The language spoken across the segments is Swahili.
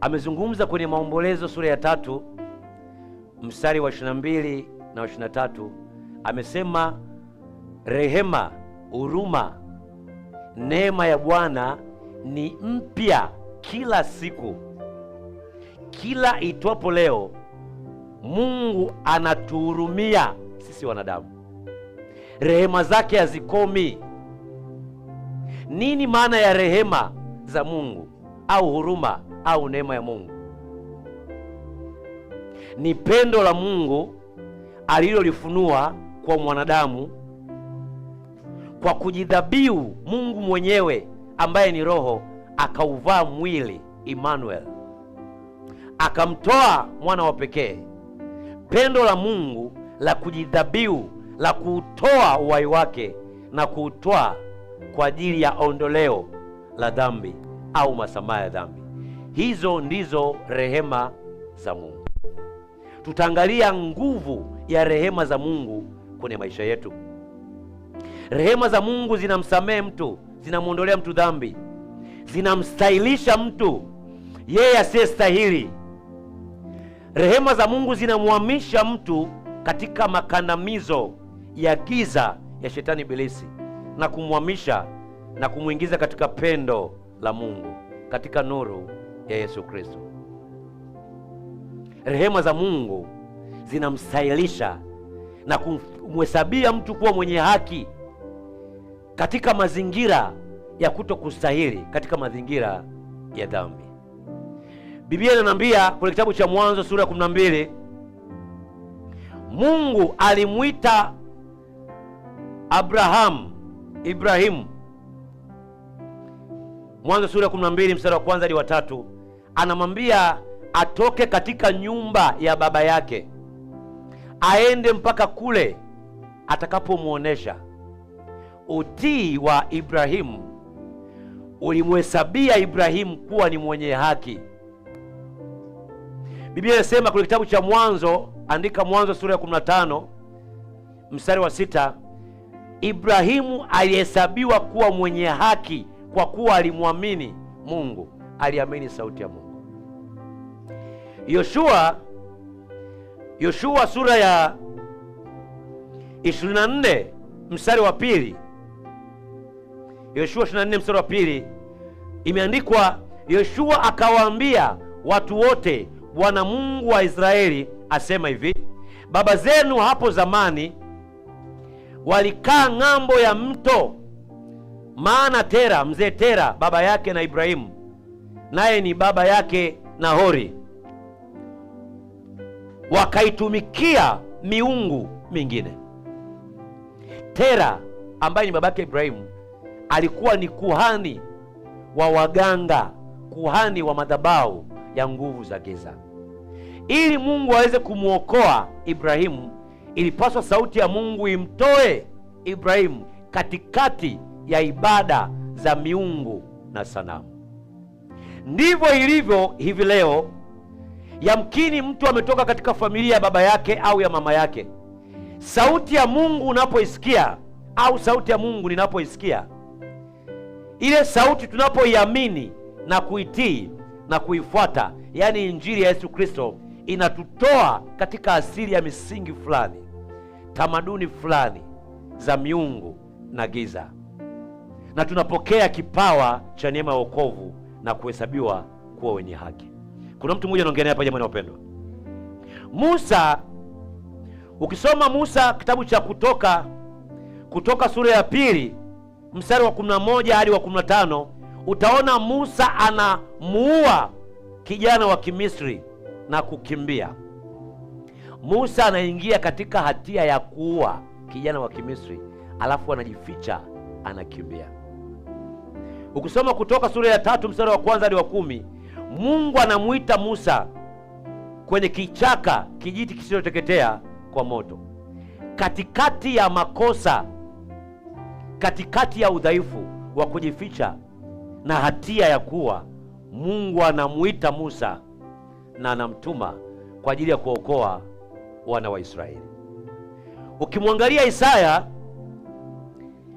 amezungumza kwenye Maombolezo sura ya tatu mstari wa 22 na 23, amesema rehema, huruma, neema ya Bwana ni mpya kila siku, kila itwapo leo. Mungu anatuhurumia sisi wanadamu, rehema zake hazikomi. Nini maana ya rehema za Mungu au huruma? au neema ya Mungu. Ni pendo la Mungu alilolifunua kwa mwanadamu kwa kujidhabiu Mungu mwenyewe ambaye ni roho akauvaa mwili Emmanuel, akamtoa mwana wa pekee. Pendo la Mungu la kujidhabiu la kuutoa uhai wake na kuutoa kwa ajili ya ondoleo la dhambi au masamaha ya dhambi. Hizo ndizo rehema za Mungu. Tutaangalia nguvu ya rehema za Mungu kwenye maisha yetu. Rehema za Mungu zinamsamehe mtu, zinamwondolea mtu dhambi, zinamstahilisha mtu yeye asiyestahili. Rehema za Mungu zinamhamisha mtu katika makandamizo ya giza ya shetani ibilisi na kumhamisha na kumwingiza katika pendo la Mungu, katika nuru ya Yesu Kristo. Rehema za Mungu zinamstahilisha na kumhesabia mtu kuwa mwenye haki katika mazingira ya kuto kustahili, katika mazingira ya dhambi. Biblia inaniambia kwenye kitabu cha Mwanzo sura ya 12, Mungu alimwita Abrahamu Ibrahimu. Mwanzo sura ya 12 mstari wa kwanza hadi wa tatu anamwambia atoke katika nyumba ya baba yake aende mpaka kule atakapomwonesha Utii wa Ibrahimu ulimhesabia Ibrahimu kuwa ni mwenye haki. Biblia inasema kwenye kitabu cha Mwanzo, andika Mwanzo sura ya 15 mstari wa sita, Ibrahimu alihesabiwa kuwa mwenye haki kwa kuwa alimwamini Mungu, aliamini sauti ya Mungu. Yoshua Yoshua sura ya 24 mstari wa pili. Yoshua 24 mstari wa pili imeandikwa, Yoshua akawaambia watu wote, Bwana Mungu wa Israeli asema hivi, baba zenu hapo zamani walikaa ng'ambo ya mto, maana Tera mzee Tera baba yake na Ibrahimu naye ni baba yake Nahori wakaitumikia miungu mingine. Tera ambaye ni babake Ibrahimu alikuwa ni kuhani wa waganga, kuhani wa madhabahu ya nguvu za giza. Ili Mungu aweze kumwokoa Ibrahimu, ilipaswa sauti ya Mungu imtoe Ibrahimu katikati ya ibada za miungu na sanamu. Ndivyo ilivyo hivi leo Yamkini mtu ametoka katika familia ya baba yake au ya mama yake. Sauti ya Mungu unapoisikia au sauti ya Mungu ninapoisikia, ile sauti tunapoiamini na kuitii na kuifuata, yaani injili ya Yesu Kristo, inatutoa katika asili ya misingi fulani, tamaduni fulani za miungu na giza, na tunapokea kipawa cha neema ya wokovu na kuhesabiwa kuwa wenye haki. Kuna mtu mmoja anaongelea hapa, jamani wapendwa. Musa, ukisoma Musa kitabu cha Kutoka, Kutoka sura ya pili mstari wa moja hadi wa tano utaona Musa anamuua kijana wa Kimisri na kukimbia. Musa anaingia katika hatia ya kuua kijana wa Kimisri, alafu anajificha, anakimbia. Ukisoma Kutoka sura ya tatu mstari wa kwanza hadi wa kumi Mungu anamuita Musa kwenye kichaka, kijiti kisichoteketea kwa moto, katikati ya makosa, katikati ya udhaifu wa kujificha na hatia ya kuwa, Mungu anamuita Musa na anamtuma kwa ajili ya kuokoa wana wa Israeli. Ukimwangalia Isaya,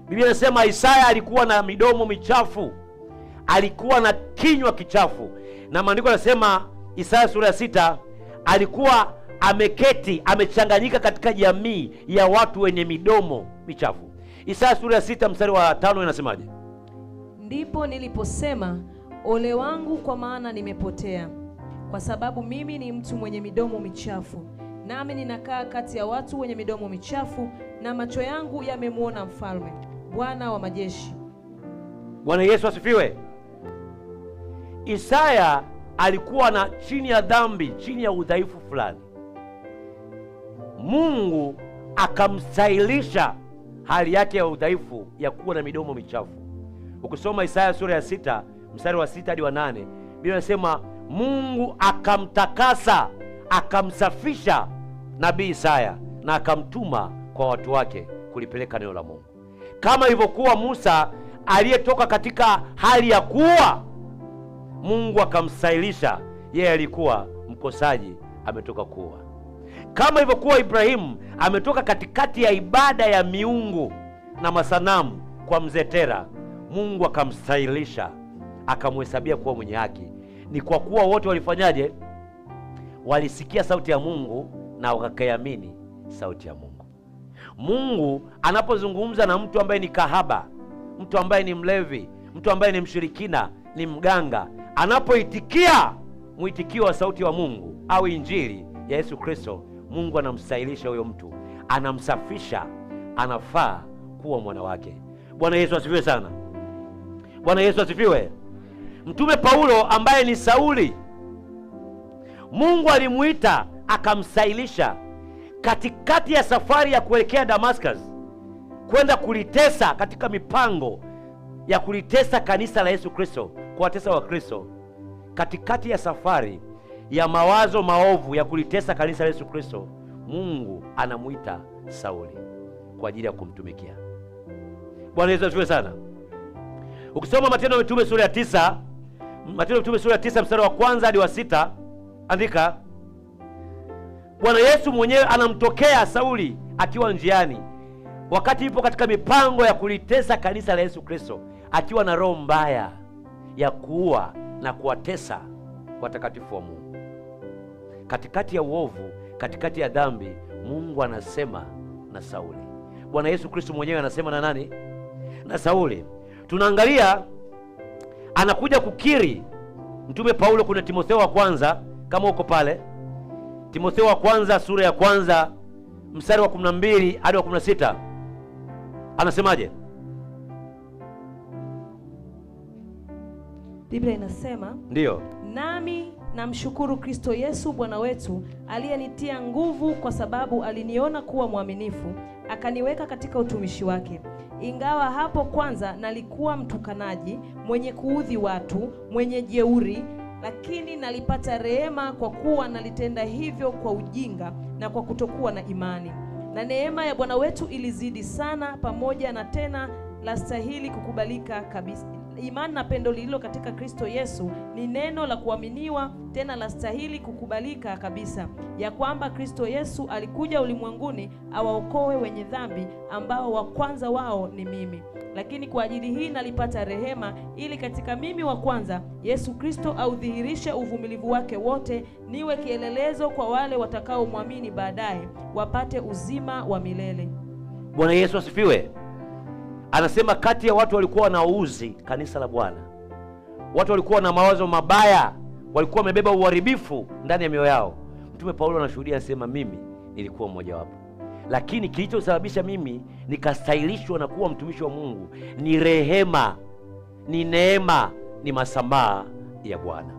Biblia inasema Isaya alikuwa na midomo michafu, alikuwa na kinywa kichafu na maandiko yanasema Isaya sura ya sita alikuwa ameketi amechanganyika katika jamii ya watu wenye midomo michafu. Isaya sura ya sita mstari wa tano inasemaje? Ndipo niliposema ole wangu, kwa maana nimepotea, kwa sababu mimi ni mtu mwenye midomo michafu, nami ninakaa kati ya watu wenye midomo michafu, na macho yangu yamemwona Mfalme, Bwana wa majeshi. Bwana Yesu asifiwe. Isaya alikuwa na chini ya dhambi, chini ya udhaifu fulani, Mungu akamstailisha hali yake ya udhaifu ya kuwa na midomo michafu. Ukisoma Isaya sura ya sita mstari wa sita hadi wa nane Biblia inasema Mungu akamtakasa akamsafisha nabii Isaya na akamtuma kwa watu wake kulipeleka neno la Mungu, kama ilivyokuwa Musa aliyetoka katika hali ya kuwa Mungu akamsailisha yeye, alikuwa mkosaji, ametoka kuwa kama ilivyokuwa Ibrahimu ametoka katikati ya ibada ya miungu na masanamu kwa mzetera, Mungu akamsailisha akamhesabia kuwa mwenye haki. Ni kwa kuwa wote walifanyaje? Walisikia sauti ya Mungu na wakaamini sauti ya Mungu. Mungu anapozungumza na mtu ambaye ni kahaba, mtu ambaye ni mlevi, mtu ambaye ni mshirikina, ni mganga Anapoitikia mwitikio wa sauti wa Mungu au injili ya Yesu Kristo, Mungu anamstahilisha huyo mtu, anamsafisha, anafaa kuwa mwana wake. Bwana Yesu asifiwe sana. Bwana Yesu asifiwe. Mtume Paulo ambaye ni Sauli, Mungu alimuita akamstahilisha katikati ya safari ya kuelekea Damascus kwenda kulitesa katika mipango ya kulitesa kanisa la Yesu Kristo, kuwatesa Wakristo katikati ya safari ya mawazo maovu ya kulitesa kanisa la Yesu Kristo, Mungu anamwita Sauli kwa ajili ya kumtumikia. Bwana Yesu asifiwe sana. Ukisoma Matendo ya Mitume sura ya tisa, Matendo ya Mitume sura ya tisa mstari wa kwanza hadi wa sita, andika Bwana Yesu mwenyewe anamtokea Sauli akiwa njiani wakati ipo katika mipango ya kulitesa kanisa la Yesu Kristo, akiwa na roho mbaya ya kuua na kuwatesa watakatifu wa Mungu. Katikati ya uovu, katikati ya dhambi, Mungu anasema na Sauli. Bwana Yesu Kristo mwenyewe anasema na nani? Na Sauli. Tunaangalia anakuja kukiri Mtume Paulo, kuna Timotheo wa kwanza, kama uko pale, Timotheo wa kwanza sura ya kwanza mstari wa 12 hadi wa 16 anasemaje? Biblia inasema ndio nami namshukuru Kristo Yesu Bwana wetu aliyenitia nguvu, kwa sababu aliniona kuwa mwaminifu akaniweka katika utumishi wake. Ingawa hapo kwanza nalikuwa mtukanaji, mwenye kuudhi watu, mwenye jeuri, lakini nalipata rehema, kwa kuwa nalitenda hivyo kwa ujinga na kwa kutokuwa na imani na neema ya Bwana wetu ilizidi sana pamoja na tena la stahili kukubalika kabisa imani na pendo lililo katika Kristo Yesu ni neno la kuaminiwa tena la stahili kukubalika kabisa, ya kwamba Kristo Yesu alikuja ulimwenguni awaokoe wenye dhambi, ambao wa kwanza wao ni mimi. Lakini kwa ajili hii nalipata rehema, ili katika mimi wa kwanza Yesu Kristo audhihirishe uvumilivu wake wote, niwe kielelezo kwa wale watakaomwamini baadaye, wapate uzima wa milele. Bwana Yesu asifiwe. Anasema kati ya watu walikuwa wanauzi kanisa la Bwana, watu walikuwa na mawazo mabaya, walikuwa wamebeba uharibifu ndani ya mioyo yao. Mtume Paulo anashuhudia, anasema mimi nilikuwa mmojawapo, lakini kilichosababisha mimi nikastahilishwa na kuwa mtumishi wa Mungu ni rehema, ni neema, ni masamaha ya Bwana.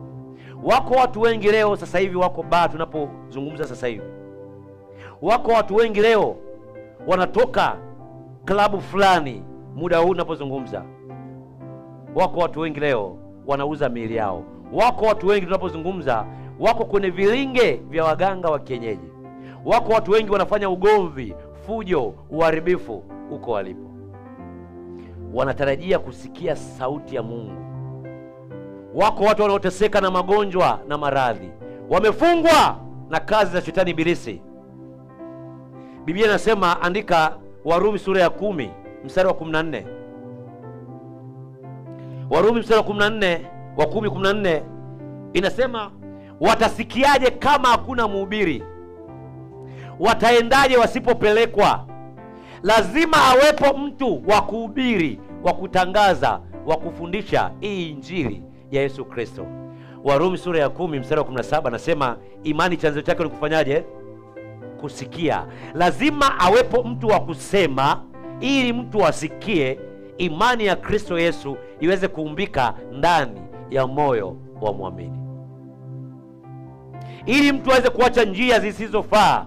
Wako watu wengi leo sasa hivi wako baa, tunapozungumza sasa hivi, wako watu wengi leo wanatoka klabu fulani muda huu unapozungumza, wako watu wengi leo wanauza miili yao. Wako watu wengi tunapozungumza, wako kwenye vilinge vya waganga wa kienyeji. Wako watu wengi wanafanya ugomvi, fujo, uharibifu huko walipo, wanatarajia kusikia sauti ya Mungu. Wako watu wanaoteseka na magonjwa na maradhi, wamefungwa na kazi za shetani ibilisi. Biblia inasema andika, Warumi sura ya kumi mstari wa 14 Warumi mstari wa 14 wa 10 14 inasema watasikiaje kama hakuna mhubiri? Wataendaje wasipopelekwa? Lazima awepo mtu wa kuhubiri, wa kutangaza, wa kufundisha hii injili ya Yesu Kristo. Warumi sura ya kumi mstari wa 17 anasema imani chanzo chake ni kufanyaje? Kusikia. Lazima awepo mtu wa kusema ili mtu asikie imani ya Kristo Yesu iweze kuumbika ndani ya moyo wa mwamini, ili mtu aweze kuacha njia zisizofaa,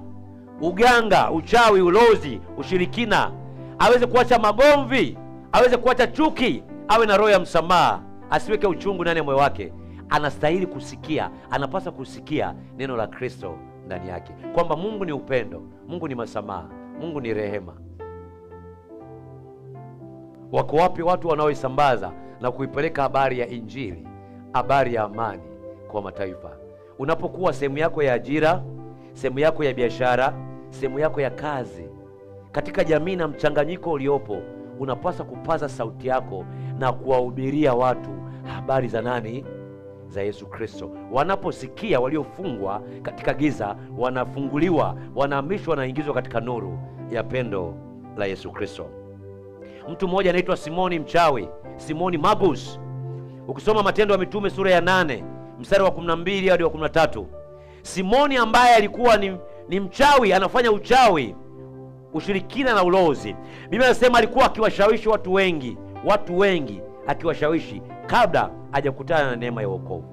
uganga, uchawi, ulozi, ushirikina, aweze kuacha magomvi, aweze kuacha chuki, awe na roho ya msamaha, asiweke uchungu ndani ya moyo wake. Anastahili kusikia, anapaswa kusikia neno la Kristo ndani yake, kwamba Mungu ni upendo, Mungu ni masamaha, Mungu ni rehema wako wapi watu wanaoisambaza na kuipeleka habari ya Injili, habari ya amani kwa mataifa? Unapokuwa sehemu yako ya ajira, sehemu yako ya biashara, sehemu yako ya kazi, katika jamii na mchanganyiko uliopo, unapaswa kupaza sauti yako na kuwahubiria watu habari za nani? Za Yesu Kristo. Wanaposikia, waliofungwa katika giza wanafunguliwa, wanahamishwa, wanaingizwa katika nuru ya pendo la Yesu Kristo mtu mmoja anaitwa Simoni mchawi, Simoni Magus. Ukisoma Matendo ya Mitume sura ya nane mstari wa 12 hadi wa 13, Simoni ambaye alikuwa ni, ni mchawi anafanya uchawi, ushirikina na ulozi. Biblia inasema alikuwa akiwashawishi watu wengi, watu wengi akiwashawishi kabla hajakutana na neema ya wokovu.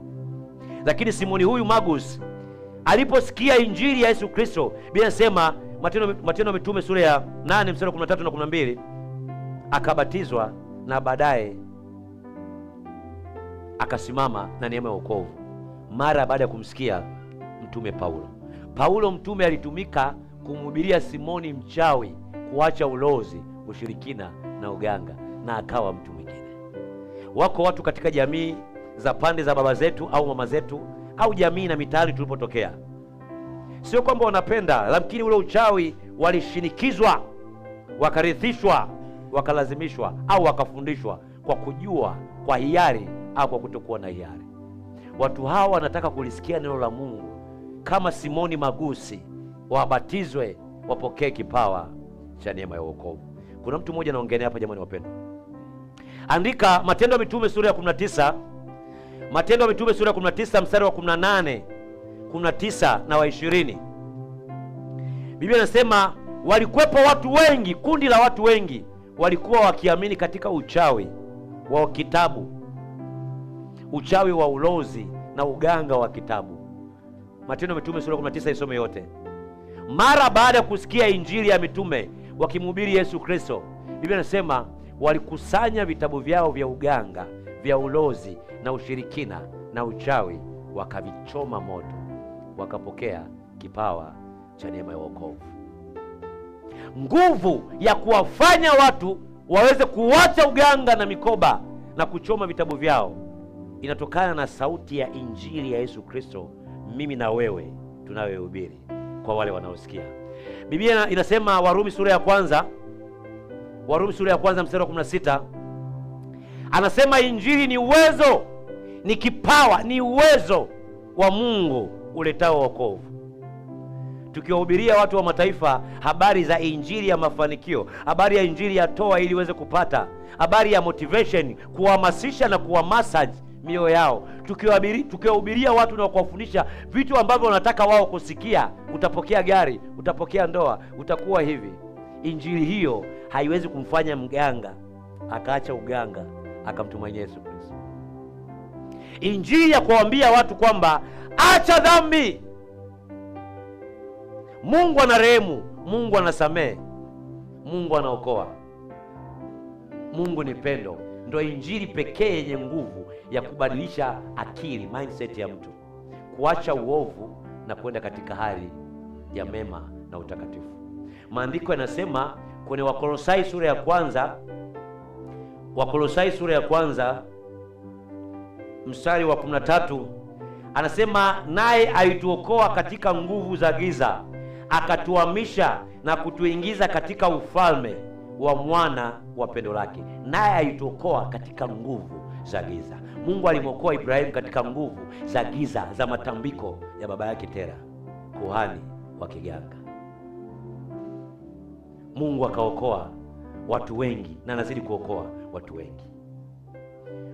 Lakini Simoni huyu Magus aliposikia injili ya Yesu Kristo, Biblia inasema Matendo Mitume sura ya 8 mstari wa 13 na 12 akabatizwa na baadaye akasimama na neema ya wokovu mara baada ya kumsikia mtume Paulo. Paulo mtume alitumika kumhubiria Simoni mchawi kuacha ulozi, ushirikina na uganga, na akawa mtu mwingine. Wako watu katika jamii za pande za baba zetu au mama zetu au jamii na mitaani tulipotokea, sio kwamba wanapenda, lakini ule uchawi walishinikizwa, wakarithishwa wakalazimishwa au wakafundishwa kwa kujua kwa hiari au kwa kutokuwa na hiari. Watu hawa wanataka kulisikia neno la Mungu kama Simoni Magusi, wabatizwe wapokee kipawa cha neema ya wokovu. Kuna mtu mmoja anaongelea hapa, jamani wapendwa, andika Matendo ya Mitume sura ya 19, Matendo ya Mitume sura ya 19 mstari wa 18, 19 na wa 20. Biblia inasema walikuwepo watu wengi, kundi la watu wengi walikuwa wakiamini katika uchawi wa kitabu, uchawi wa ulozi na uganga wa kitabu. Matendo ya Mitume sura 19 isome yote. Mara baada ya kusikia injili ya mitume wakimhubiri Yesu Kristo, Biblia inasema walikusanya vitabu vyao vya uganga, vya ulozi na ushirikina na uchawi, wakavichoma moto, wakapokea kipawa cha neema ya wokovu nguvu ya kuwafanya watu waweze kuwacha uganga na mikoba na kuchoma vitabu vyao inatokana na sauti ya injili ya Yesu Kristo, mimi na wewe tunayohubiri kwa wale wanaosikia. Biblia inasema Warumi sura ya kwanza, Warumi sura ya kwanza mstari wa 16 anasema injili ni uwezo, ni kipawa, ni uwezo wa Mungu uletao wokovu tukiwahubiria watu wa mataifa habari za injili ya mafanikio, habari ya injili ya toa ili iweze kupata, habari ya motivation, kuhamasisha na kuwa massage mioyo yao, tukiwahubiria watu na kuwafundisha vitu ambavyo wanataka wao kusikia. Utapokea gari, utapokea ndoa, utakuwa hivi. Injili hiyo haiwezi kumfanya mganga akaacha uganga akamtumainia Yesu Kristo. Injili ya kuwaambia watu kwamba acha dhambi Mungu ana rehemu Mungu anasamehe, Mungu anaokoa, Mungu ni pendo. Ndio injili pekee yenye nguvu ya kubadilisha akili, mindset ya mtu, kuacha uovu na kwenda katika hali ya mema na utakatifu. Maandiko yanasema kwenye Wakolosai sura ya kwanza, Wakolosai sura ya kwanza mstari wa 13 anasema, naye aituokoa katika nguvu za giza akatuhamisha na kutuingiza katika ufalme wa mwana wa pendo lake, naye aituokoa katika nguvu za giza. Mungu alimwokoa Ibrahimu katika nguvu za giza za matambiko ya baba yake Tera, kuhani wa kiganga. Mungu akaokoa watu wengi na anazidi kuokoa watu wengi.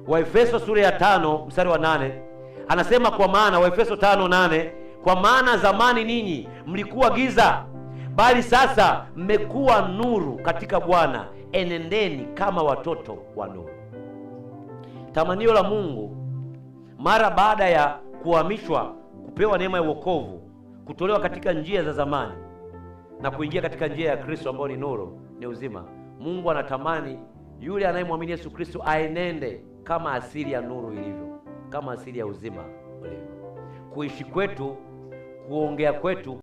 Waefeso sura ya tano mstari wa nane anasema kwa maana, Waefeso tano nane kwa maana zamani ninyi mlikuwa giza, bali sasa mmekuwa nuru katika Bwana. Enendeni kama watoto wa nuru. Tamanio la Mungu mara baada ya kuhamishwa, kupewa neema ya uokovu kutolewa katika njia za zamani na kuingia katika njia ya Kristo ambayo ni nuru, ni uzima, Mungu anatamani yule anayemwamini Yesu Kristo aenende kama asili ya nuru ilivyo, kama asili ya uzima ulivyo. Kuishi kwetu kuongea kwetu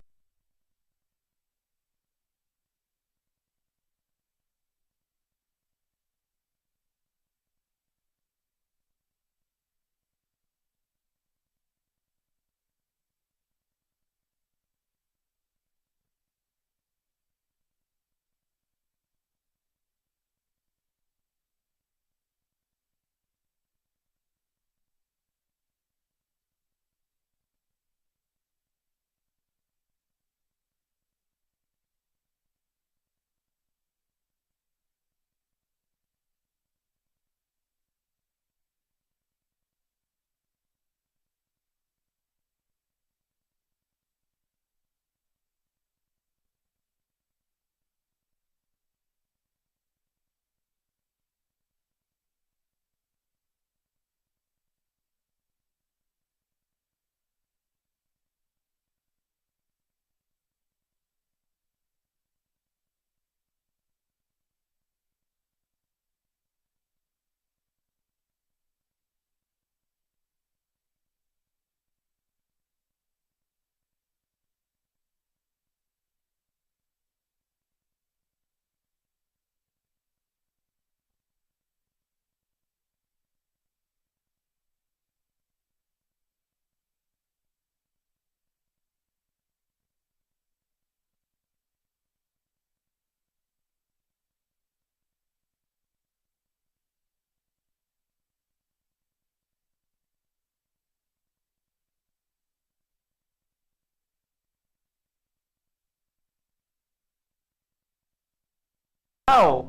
ao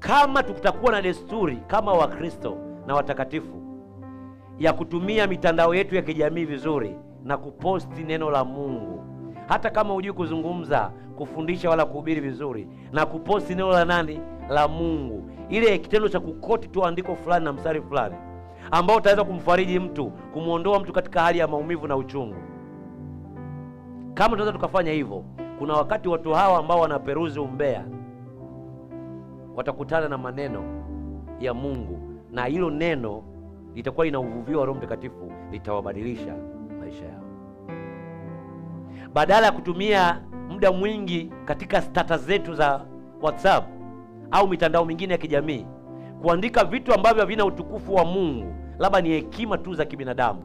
kama tutakuwa na desturi kama Wakristo na watakatifu ya kutumia mitandao yetu ya kijamii vizuri na kuposti neno la Mungu, hata kama hujui kuzungumza, kufundisha wala kuhubiri vizuri, na kuposti neno la nani? La Mungu, ile kitendo cha kukoti tu andiko fulani na mstari fulani ambao utaweza kumfariji mtu, kumwondoa mtu katika hali ya maumivu na uchungu. Kama tunaweza tukafanya hivyo, kuna wakati watu hawa ambao wanaperuzi umbea watakutana na maneno ya Mungu na hilo neno litakuwa lina uvuvio wa Roho Mtakatifu, litawabadilisha maisha yao, badala ya kutumia muda mwingi katika stata zetu za WhatsApp au mitandao mingine ya kijamii kuandika vitu ambavyo havina utukufu wa Mungu, labda ni hekima tu za kibinadamu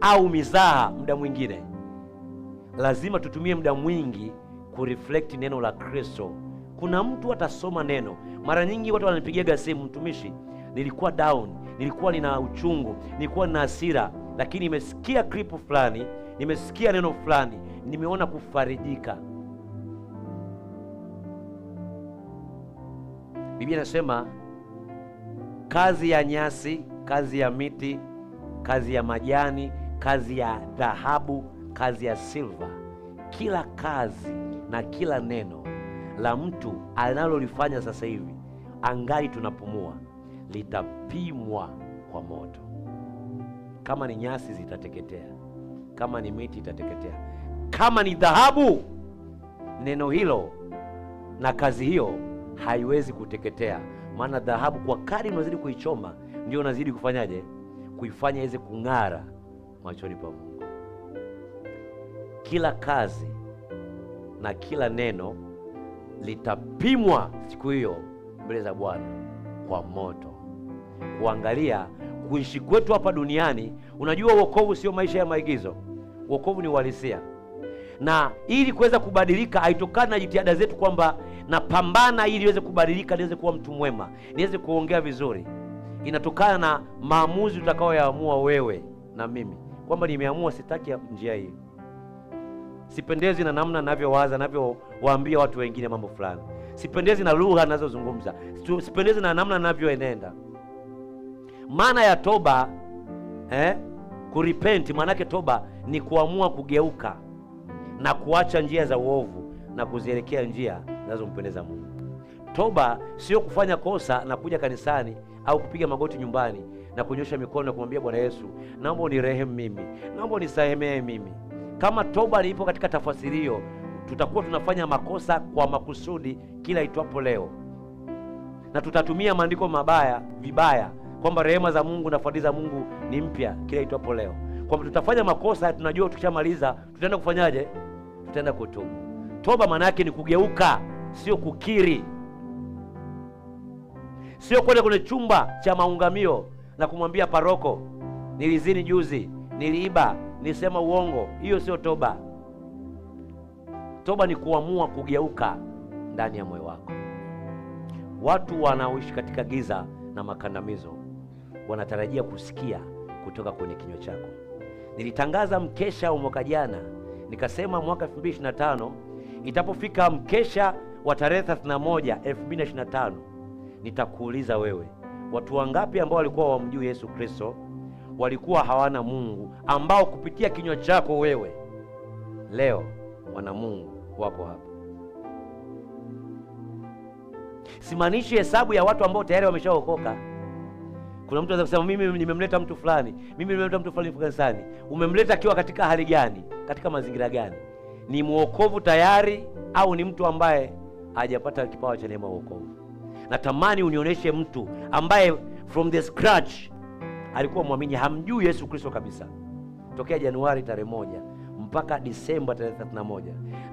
au mizaha. Muda mwingine lazima tutumie muda mwingi kureflect neno la Kristo kuna mtu atasoma neno. Mara nyingi watu wananipigiaga simu, mtumishi, nilikuwa down, nilikuwa nina uchungu, nilikuwa nina hasira, lakini nimesikia klipu fulani, nimesikia neno fulani, nimeona kufarijika. Biblia inasema kazi ya nyasi, kazi ya miti, kazi ya majani, kazi ya dhahabu, kazi ya silva, kila kazi na kila neno la mtu analolifanya sasa hivi angali tunapumua litapimwa kwa moto. Kama ni nyasi zitateketea, kama ni miti itateketea, kama ni dhahabu, neno hilo na kazi hiyo haiwezi kuteketea, maana dhahabu kwa kadri unazidi kuichoma ndio unazidi kufanyaje, kuifanya iweze kung'ara machoni pa Mungu. Kila kazi na kila neno litapimwa siku hiyo mbele za Bwana kwa moto, kuangalia kuishi kwetu hapa duniani. Unajua, wokovu sio maisha ya maigizo, wokovu ni uhalisia, na ili kuweza kubadilika haitokani na jitihada zetu kwamba napambana ili niweze kubadilika, niweze kuwa mtu mwema, niweze kuongea vizuri. Inatokana na maamuzi utakayoyaamua wewe na mimi, kwamba nimeamua sitaki njia hii, sipendezi na namna navyowaza navyo waambia watu wengine mambo fulani. Sipendezi na lugha ninazozungumza, sipendezi na namna ninavyoenenda. Maana ya toba eh, kuripenti, maanake toba ni kuamua kugeuka na kuacha njia za uovu na kuzielekea njia zinazompendeza Mungu. Toba sio kufanya kosa na kuja kanisani au kupiga magoti nyumbani na kunyosha mikono na kumwambia Bwana Yesu, naomba unirehemu mimi, naomba unisamehe mimi. Kama toba ilipo katika tafasiri hiyo, tutakuwa tunafanya makosa kwa makusudi kila itwapo leo, na tutatumia maandiko mabaya vibaya, kwamba rehema za Mungu na fadhili za Mungu ni mpya kila itwapo leo, kwamba tutafanya makosa. Tunajua tukishamaliza tutaenda kufanyaje? Tutaenda kutubu. Toba maana yake ni kugeuka, sio kukiri, sio kwenda kwenye chumba cha maungamio na kumwambia paroko, nilizini juzi, niliiba, nilisema uongo. Hiyo sio toba. Toba ni kuamua kugeuka ndani ya moyo wako. Watu wanaoishi katika giza na makandamizo wanatarajia kusikia kutoka kwenye kinywa chako. Nilitangaza mkesha wa mwaka jana, nikasema mwaka 2025 itapofika mkesha wa tarehe 31 2025, nitakuuliza wewe, watu wangapi ambao walikuwa wamjui Yesu Kristo walikuwa hawana Mungu, ambao kupitia kinywa chako wewe leo wana Mungu? wapo hapa. Simaanishi hesabu ya watu ambao tayari wameshaokoka. Kuna mtu anaweza kusema mimi nimemleta mtu fulani, mimi nimemleta mtu fulani kanisani. Umemleta akiwa katika hali gani? Katika mazingira gani? Ni mwokovu tayari au ni mtu ambaye hajapata kipawa cha neema wokovu? Natamani unionyeshe mtu ambaye from the scratch alikuwa mwamini, hamjui Yesu Kristo kabisa tokea Januari tarehe moja mpaka Disemba tarehe 31,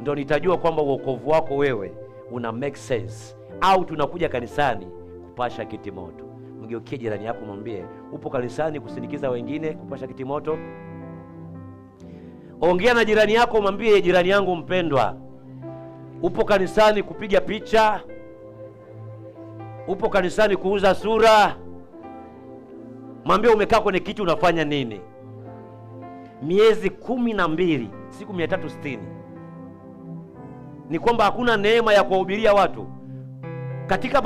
ndio nitajua kwamba uokovu wako wewe una make sense au tunakuja kanisani kupasha kiti moto. Mgeukie jirani yako, mwambie upo kanisani kusindikiza wengine kupasha kiti moto. Ongea na jirani yako, mwambie jirani yangu mpendwa, upo kanisani kupiga picha, upo kanisani kuuza sura. Mwambie umekaa kwenye kiti unafanya nini? miezi kumi na mbili siku mia tatu sitini ni kwamba hakuna neema ya kuwahubiria watu katika